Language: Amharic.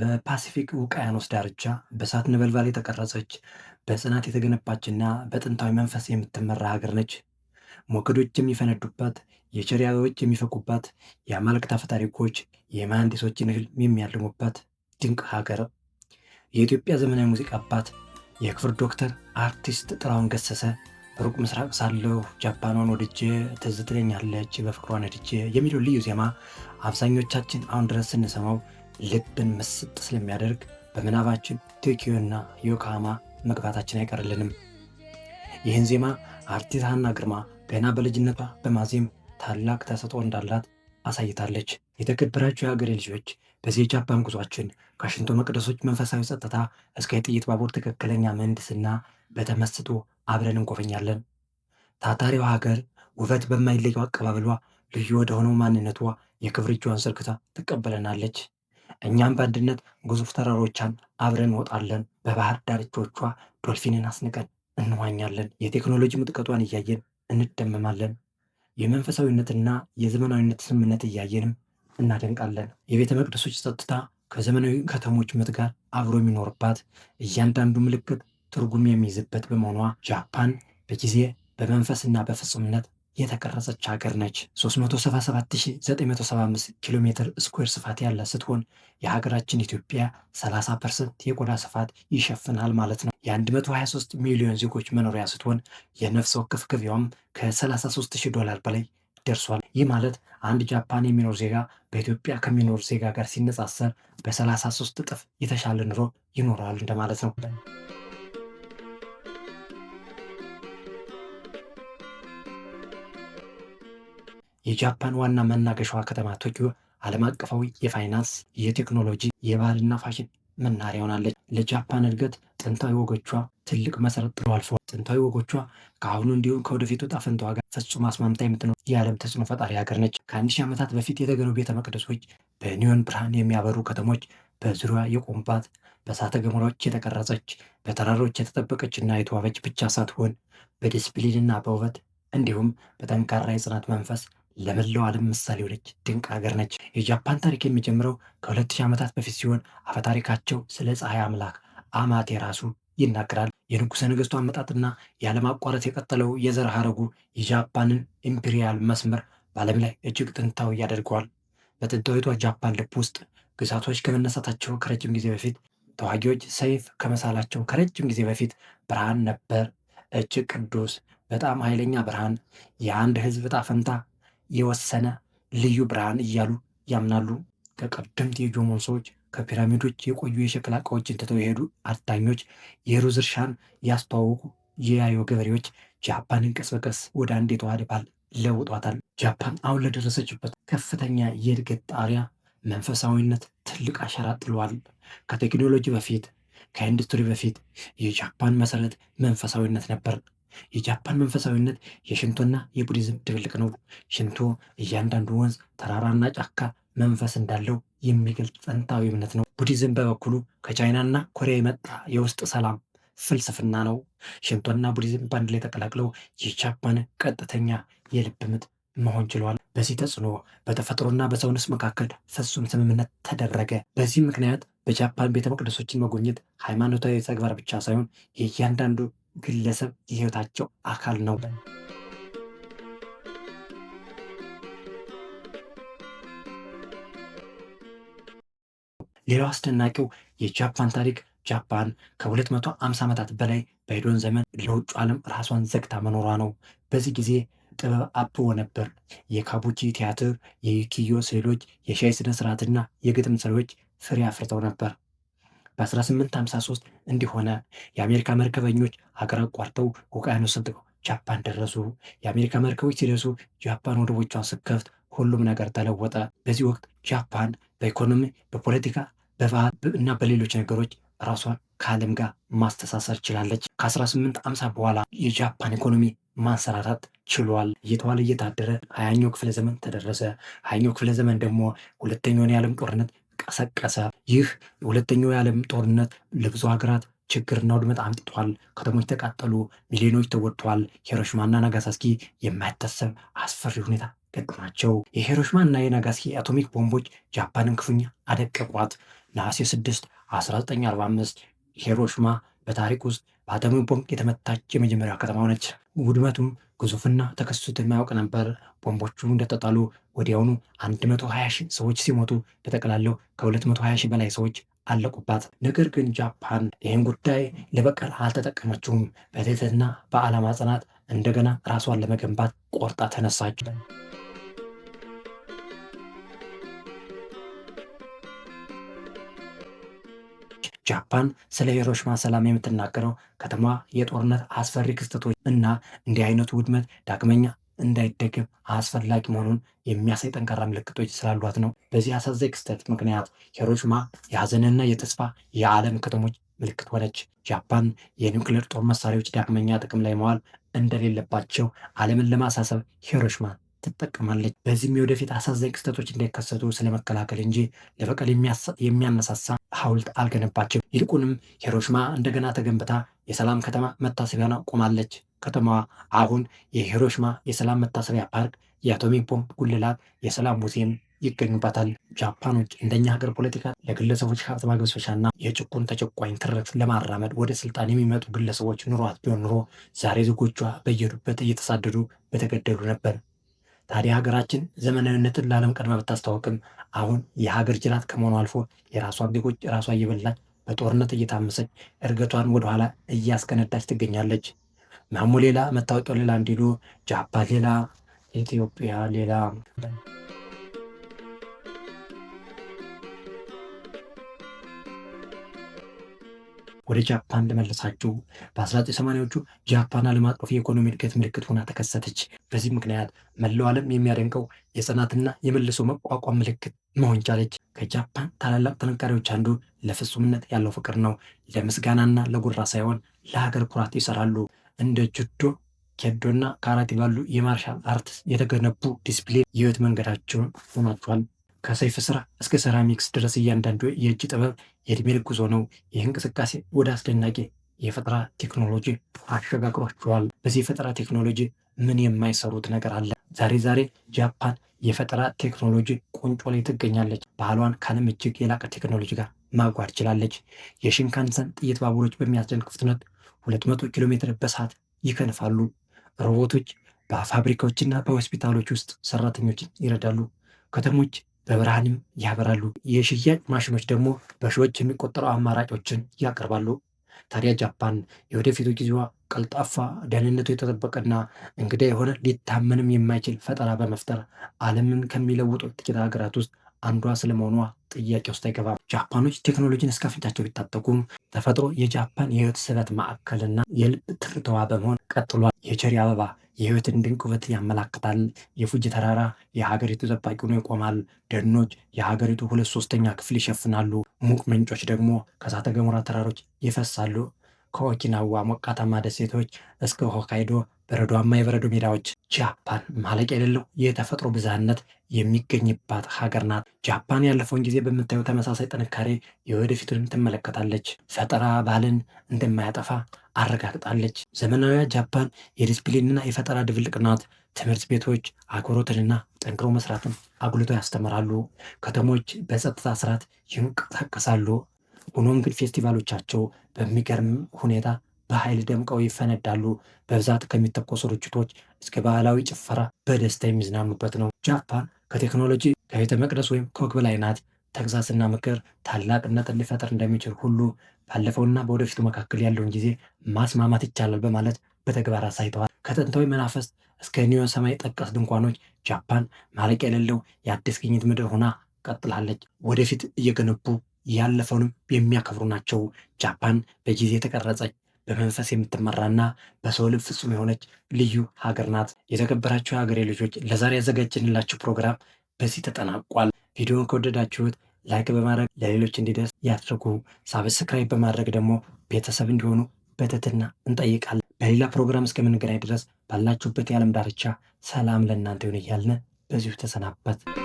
በፓሲፊክ ውቅያኖስ ዳርቻ በእሳት ነበልባል የተቀረጸች በጽናት የተገነባችና በጥንታዊ መንፈስ የምትመራ ሀገር ነች። ሞገዶች የሚፈነዱባት፣ የቸር አበቦች የሚፈኩባት፣ የአማልክት አፈ ታሪኮች የመሐንዲሶችን ህልም የሚያልሙባት ድንቅ ሀገር። የኢትዮጵያ ዘመናዊ ሙዚቃ አባት የክብር ዶክተር አርቲስት ጥላሁን ገሰሰ በሩቅ ምስራቅ ሳለሁ ጃፓኗን ወድጄ ትዝ ትለኛለች በፍቅሯ ነድጄ የሚለው ልዩ ዜማ አብዛኞቻችን አሁን ድረስ ስንሰማው ልብን ምስጥ ስለሚያደርግ በምናባችን ቶኪዮና ዮካማ መግባታችን አይቀርልንም። ይህን ዜማ አርቲስት ግርማ ገና በልጅነቷ በማዜም ታላቅ ተሰጥኦ እንዳላት አሳይታለች። የተከበራችሁ የሀገሬ ልጆች በዚህ የጃፓን ጉዟችን ከሽንቶ መቅደሶች መንፈሳዊ ጸጥታ እስከ የጥይት ባቡር ትክክለኛ ምህንድስና በተመስጦ አብረን እንጎበኛለን። ታታሪዋ ሀገር ውበት በማይለየው አቀባበሏ ልዩ ወደሆነው ማንነቷ የክብር እጇን ዘርግታ ትቀበለናለች። እኛም በአንድነት ግዙፍ ተራሮቿን አብረን እንወጣለን። በባህር ዳርቻዎቿ ዶልፊንን አስንቀን እንዋኛለን። የቴክኖሎጂ ምጥቀቷን እያየን እንደመማለን። የመንፈሳዊነትና የዘመናዊነት ስምምነት እያየንም እናደንቃለን። የቤተ መቅደሶች ጸጥታ ከዘመናዊ ከተሞች ምት ጋር አብሮ የሚኖርባት እያንዳንዱ ምልክት ትርጉም የሚይዝበት በመሆኗ ጃፓን በጊዜ በመንፈስና በፍጹምነት የተቀረጸች ሀገር ነች። 377975 ኪሎ ሜትር ስኩዌር ስፋት ያለ ስትሆን የሀገራችን ኢትዮጵያ 30 ፐርሰንት የቆዳ ስፋት ይሸፍናል ማለት ነው። የ123 ሚሊዮን ዜጎች መኖሪያ ስትሆን የነፍስ ወከፍ ገቢዋም ከ33 ዶላር በላይ ደርሷል። ይህ ማለት አንድ ጃፓን የሚኖር ዜጋ በኢትዮጵያ ከሚኖር ዜጋ ጋር ሲነጻሰር በ33 እጥፍ የተሻለ ኑሮ ይኖራል እንደማለት ነው። የጃፓን ዋና መናገሻዋ ከተማ ቶኪዮ ዓለም አቀፋዊ የፋይናንስ፣ የቴክኖሎጂ፣ የባህልና ፋሽን መናሪያ ሆናለች። ለጃፓን እድገት ጥንታዊ ወጎቿ ትልቅ መሰረት ጥሎ አልፈዋል። ጥንታዊ ወጎቿ ከአሁኑ እንዲሁም ከወደፊቱ ዕጣ ጋር ፍጹም አስማምታ የምትኖር የዓለም ተጽዕኖ ፈጣሪ ሀገር ነች። ከአንድ ሺህ ዓመታት በፊት የተገኑ ቤተ መቅደሶች፣ በኒዮን ብርሃን የሚያበሩ ከተሞች፣ በዙሪያ የቆምባት በእሳተ ገሞራዎች የተቀረጸች በተራሮች የተጠበቀች እና የተዋበች ብቻ ሳትሆን በዲስፕሊንና በውበት እንዲሁም በጠንካራ የጽናት መንፈስ ለመላው ዓለም ምሳሌ የሆነች ድንቅ ሀገር ነች። የጃፓን ታሪክ የሚጀምረው ከሁለት ሺህ ዓመታት በፊት ሲሆን አፈታሪካቸው ስለ ፀሐይ አምላክ አማቴ ራሱ ይናገራል። የንጉሠ ነገሥቱ አመጣጥና ያለማቋረጥ የቀጠለው የዘር ሀረጉ የጃፓንን ኢምፔሪያል መስመር በዓለም ላይ እጅግ ጥንታዊ ያደርገዋል። በጥንታዊቷ ጃፓን ልብ ውስጥ ግዛቶች ከመነሳታቸው ከረጅም ጊዜ በፊት ተዋጊዎች ሰይፍ ከመሳላቸው ከረጅም ጊዜ በፊት ብርሃን ነበር። እጅግ ቅዱስ፣ በጣም ኃይለኛ ብርሃን የአንድ ህዝብ ዕጣ ፈንታ የወሰነ ልዩ ብርሃን እያሉ ያምናሉ። ከቀደምት የጆሞን ሰዎች ከፒራሚዶች የቆዩ የሸክላ ዕቃዎችን ትተው የሄዱ አዳኞች፣ የሩዝ እርሻን ያስተዋወቁ የያዮ ገበሬዎች ጃፓንን ቀስ በቀስ ወደ አንድ የተዋሃደ ባህል ለውጧታል። ጃፓን አሁን ለደረሰችበት ከፍተኛ የእድገት ጣሪያ መንፈሳዊነት ትልቅ አሻራ ጥሏል። ከቴክኖሎጂ በፊት ከኢንዱስትሪ በፊት የጃፓን መሰረት መንፈሳዊነት ነበር። የጃፓን መንፈሳዊነት የሽንቶና የቡዲዝም ድብልቅ ነው። ሽንቶ እያንዳንዱ ወንዝ፣ ተራራና ጫካ መንፈስ እንዳለው የሚገልጽ ጥንታዊ እምነት ነው። ቡዲዝም በበኩሉ ከቻይናና ኮሪያ የመጣ የውስጥ ሰላም ፍልስፍና ነው። ሽንቶና ቡዲዝም በአንድ ላይ ተቀላቅለው የጃፓን ቀጥተኛ የልብ ምት መሆን ችሏል በዚህ ተጽዕኖ በተፈጥሮና በሰውንስ መካከል ፍጹም ስምምነት ተደረገ። በዚህ ምክንያት በጃፓን ቤተ መቅደሶችን መጎብኘት ሃይማኖታዊ ተግባር ብቻ ሳይሆን የእያንዳንዱ ግለሰብ የህይወታቸው አካል ነው። ሌላው አስደናቂው የጃፓን ታሪክ ጃፓን ከ250 ዓመታት በላይ በሄዶን ዘመን ለውጭ ዓለም ራሷን ዘግታ መኖሯ ነው። በዚህ ጊዜ ጥበብ አብቦ ነበር። የካቡቺ ቲያትር፣ የዩኪዮ ስዕሎች፣ የሻይ ስነ ስርዓትና የግጥም ስሪዎች ፍሬ አፍርተው ነበር። በ1853 እንዲሆነ የአሜሪካ መርከበኞች ሀገር አቋርጠው ውቅያኖስ ሰንጥቀው ጃፓን ደረሱ። የአሜሪካ መርከቦች ሲደርሱ ጃፓን ወደቦቿን ስከፍት ሁሉም ነገር ተለወጠ። በዚህ ወቅት ጃፓን በኢኮኖሚ፣ በፖለቲካ፣ በባህል እና በሌሎች ነገሮች ራሷን ከዓለም ጋር ማስተሳሰር ችላለች። ከ1850 በኋላ የጃፓን ኢኮኖሚ ማንሰራራት ችሏል። እየተዋለ እየታደረ ሀያኛው ክፍለ ዘመን ተደረሰ። ሀያኛው ክፍለ ዘመን ደግሞ ሁለተኛውን የዓለም ጦርነት ቀሰቀሰ። ይህ የሁለተኛው የዓለም ጦርነት ለብዙ ሀገራት ችግርና ውድመት አምጥቷል። ከተሞች ተቃጠሉ፣ ሚሊዮኖች ተጎድተዋል። ሂሮሺማና ናጋሳስኪ የማይታሰብ አስፈሪ ሁኔታ ገጥማቸው። የሂሮሺማና የናጋሳኪ አቶሚክ ቦምቦች ጃፓንን ክፉኛ አደቀቋት። ነሐሴ 6 1945 ሂሮሺማ በታሪክ ውስጥ በአተሚ ቦምብ የተመታች የመጀመሪያ ከተማ ሆነች። ውድመቱም ግዙፍና ተከስቶ የማያውቅ ነበር። ቦምቦቹ እንደተጣሉ ወዲያውኑ 120 ሺህ ሰዎች ሲሞቱ በጠቅላላው ከ220 ሺህ በላይ ሰዎች አለቁባት። ነገር ግን ጃፓን ይህን ጉዳይ ለበቀል አልተጠቀመችውም። በትህትና በዓላማ ጽናት እንደገና ራሷን ለመገንባት ቆርጣ ተነሳች። ጃፓን ስለ ሂሮሽማ ሰላም የምትናገረው ከተማዋ የጦርነት አስፈሪ ክስተቶች እና እንዲህ አይነቱ ውድመት ዳግመኛ እንዳይደገም አስፈላጊ መሆኑን የሚያሳይ ጠንካራ ምልክቶች ስላሏት ነው። በዚህ አሳዛኝ ክስተት ምክንያት ሄሮሽማ የሀዘንና የተስፋ የዓለም ከተሞች ምልክት ሆነች። ጃፓን የኒውክሌር ጦር መሳሪያዎች ዳግመኛ ጥቅም ላይ መዋል እንደሌለባቸው ዓለምን ለማሳሰብ ሂሮሺማ ትጠቀማለች። በዚህም የወደፊት አሳዛኝ ክስተቶች እንዳይከሰቱ ስለመከላከል እንጂ ለበቀል የሚያነሳሳ ሐውልት አልገነባቸው። ይልቁንም ሂሮሽማ እንደገና ተገንብታ የሰላም ከተማ መታሰቢያና ቆማለች። ከተማዋ አሁን የሂሮሽማ የሰላም መታሰቢያ ፓርክ፣ የአቶሚክ ቦምብ ጉልላት፣ የሰላም ሙዚየም ይገኙባታል። ጃፓኖች እንደኛ ሀገር ፖለቲካ ለግለሰቦች ሀብት ማግበስበሻና የጭቁን ተጨቋኝ ትርክት ለማራመድ ወደ ስልጣን የሚመጡ ግለሰቦች ኑሯት ቢሆን ኑሮ ዛሬ ዜጎቿ በየሄዱበት እየተሳደዱ በተገደሉ ነበር። ታዲያ ሀገራችን ዘመናዊነትን ለዓለም ቀድማ ብታስታወቅም አሁን የሀገር ጅራት ከመሆኑ አልፎ የራሷን ዜጎች ራሷ እየበላች በጦርነት እየታመሰች እድገቷን ወደኋላ እያስከነዳች ትገኛለች። ናሙ ሌላ፣ መታወቂያው ሌላ እንዲሉ ጃፓን ሌላ፣ ኢትዮጵያ ሌላ ወደ ጃፓን ልመለሳችሁ። በ1980ዎቹ ጃፓን ዓለም አቀፍ የኢኮኖሚ እድገት ምልክት ሆና ተከሰተች። በዚህ ምክንያት መላው ዓለም የሚያደንቀው የጽናትና የመልሶ መቋቋም ምልክት መሆን ቻለች። ከጃፓን ታላላቅ ጥንካሬዎች አንዱ ለፍጹምነት ያለው ፍቅር ነው። ለምስጋናና ለጉራ ሳይሆን ለሀገር ኩራት ይሰራሉ። እንደ ጁዶ ኬዶና ካራቴ ባሉ የማርሻል አርት የተገነቡ ዲስፕሊን የህይወት መንገዳቸውን ሆኗቸዋል። ከሰይፍ ስራ እስከ ሴራሚክስ ድረስ እያንዳንዱ የእጅ ጥበብ የእድሜ ልክ ጉዞ ነው። ይህ እንቅስቃሴ ወደ አስደናቂ የፈጠራ ቴክኖሎጂ አሸጋግሯቸዋል። በዚህ የፈጠራ ቴክኖሎጂ ምን የማይሰሩት ነገር አለ? ዛሬ ዛሬ ጃፓን የፈጠራ ቴክኖሎጂ ቁንጮ ላይ ትገኛለች። ባህሏን ከዓለም እጅግ የላቀ ቴክኖሎጂ ጋር ማጓድ ችላለች። የሽንካንሰን ጥይት ባቡሮች በሚያስደንቅ ፍጥነት 200 ኪሎ ሜትር በሰዓት ይከንፋሉ። ሮቦቶች በፋብሪካዎችና በሆስፒታሎች ውስጥ ሰራተኞችን ይረዳሉ። ከተሞች በብርሃንም ያበራሉ። የሽያጭ ማሽኖች ደግሞ በሺዎች የሚቆጠሩ አማራጮችን ያቀርባሉ። ታዲያ ጃፓን የወደፊቱ ጊዜዋ ቀልጣፋ፣ ደህንነቱ የተጠበቀና እንግዳ የሆነ ሊታመንም የማይችል ፈጠራ በመፍጠር ዓለምን ከሚለውጡ ጥቂት ሀገራት ውስጥ አንዷ ስለመሆኗ ጥያቄ ውስጥ አይገባም። ጃፓኖች ቴክኖሎጂን እስከ አፍንጫቸው ቢታጠቁም ተፈጥሮ የጃፓን የህይወት ስበት ማዕከልና የልብ ትርተዋ በመሆን ቀጥሏል። የቸሪ አበባ የህይወትን ድንቅ ውበት ያመላክታል። የፉጂ ተራራ የሀገሪቱ ጠባቂ ሆኖ ይቆማል። ደኖች የሀገሪቱ ሁለት ሶስተኛ ክፍል ይሸፍናሉ። ሙቅ ምንጮች ደግሞ ከእሳተ ገሞራ ተራሮች ይፈሳሉ። ከኦኪናዋ ሞቃታማ ደሴቶች እስከ ሆካይዶ በረዷማ የበረዶ ሜዳዎች ጃፓን ማለቂያ የሌለው የተፈጥሮ ብዝሃነት የሚገኝባት ሀገር ናት። ጃፓን ያለፈውን ጊዜ በምታየው ተመሳሳይ ጥንካሬ የወደፊቱንም ትመለከታለች። ፈጠራ ባህልን እንደማያጠፋ አረጋግጣለች። ዘመናዊ ጃፓን የዲስፕሊንና የፈጠራ ድብልቅ ናት። ትምህርት ቤቶች አክብሮትንና ጠንክሮ መስራትን አጉልቶ ያስተምራሉ። ከተሞች በጸጥታ ስርዓት ይንቀሳቀሳሉ። ሆኖም ግን ፌስቲቫሎቻቸው በሚገርም ሁኔታ በኃይል ደምቀው ይፈነዳሉ። በብዛት ከሚተኮሱ ርችቶች እስከ ባህላዊ ጭፈራ በደስታ የሚዝናኑበት ነው። ጃፓን ከቴክኖሎጂ ከቤተ መቅደስ ወይም ከወግብ ላይ ናት። ተግሳጽና ምክር ታላቅነት ሊፈጥር እንደሚችል ሁሉ ባለፈውና በወደፊቱ መካከል ያለውን ጊዜ ማስማማት ይቻላል በማለት በተግባር አሳይተዋል። ከጥንታዊ መናፈስት እስከ ኒዮ ሰማይ ጠቀስ ድንኳኖች ጃፓን ማለቅ የሌለው የአዲስ ግኝት ምድር ሆና ቀጥላለች። ወደፊት እየገነቡ ያለፈውንም የሚያከብሩ ናቸው። ጃፓን በጊዜ ተቀረጸች። በመንፈስ የምትመራና በሰው ልብ ፍጹም የሆነች ልዩ ሀገር ናት። የተከበራችሁ የሀገሬ ልጆች ለዛሬ ያዘጋጀንላችሁ ፕሮግራም በዚህ ተጠናቋል። ቪዲዮን ከወደዳችሁት ላይክ በማድረግ ለሌሎች እንዲደርስ ያድርጉ። ሳብስክራይብ በማድረግ ደግሞ ቤተሰብ እንዲሆኑ በትህትና እንጠይቃለን። በሌላ ፕሮግራም እስከምንገናኝ ድረስ ባላችሁበት የዓለም ዳርቻ ሰላም ለእናንተ ይሁን እያልን በዚሁ ተሰናበት።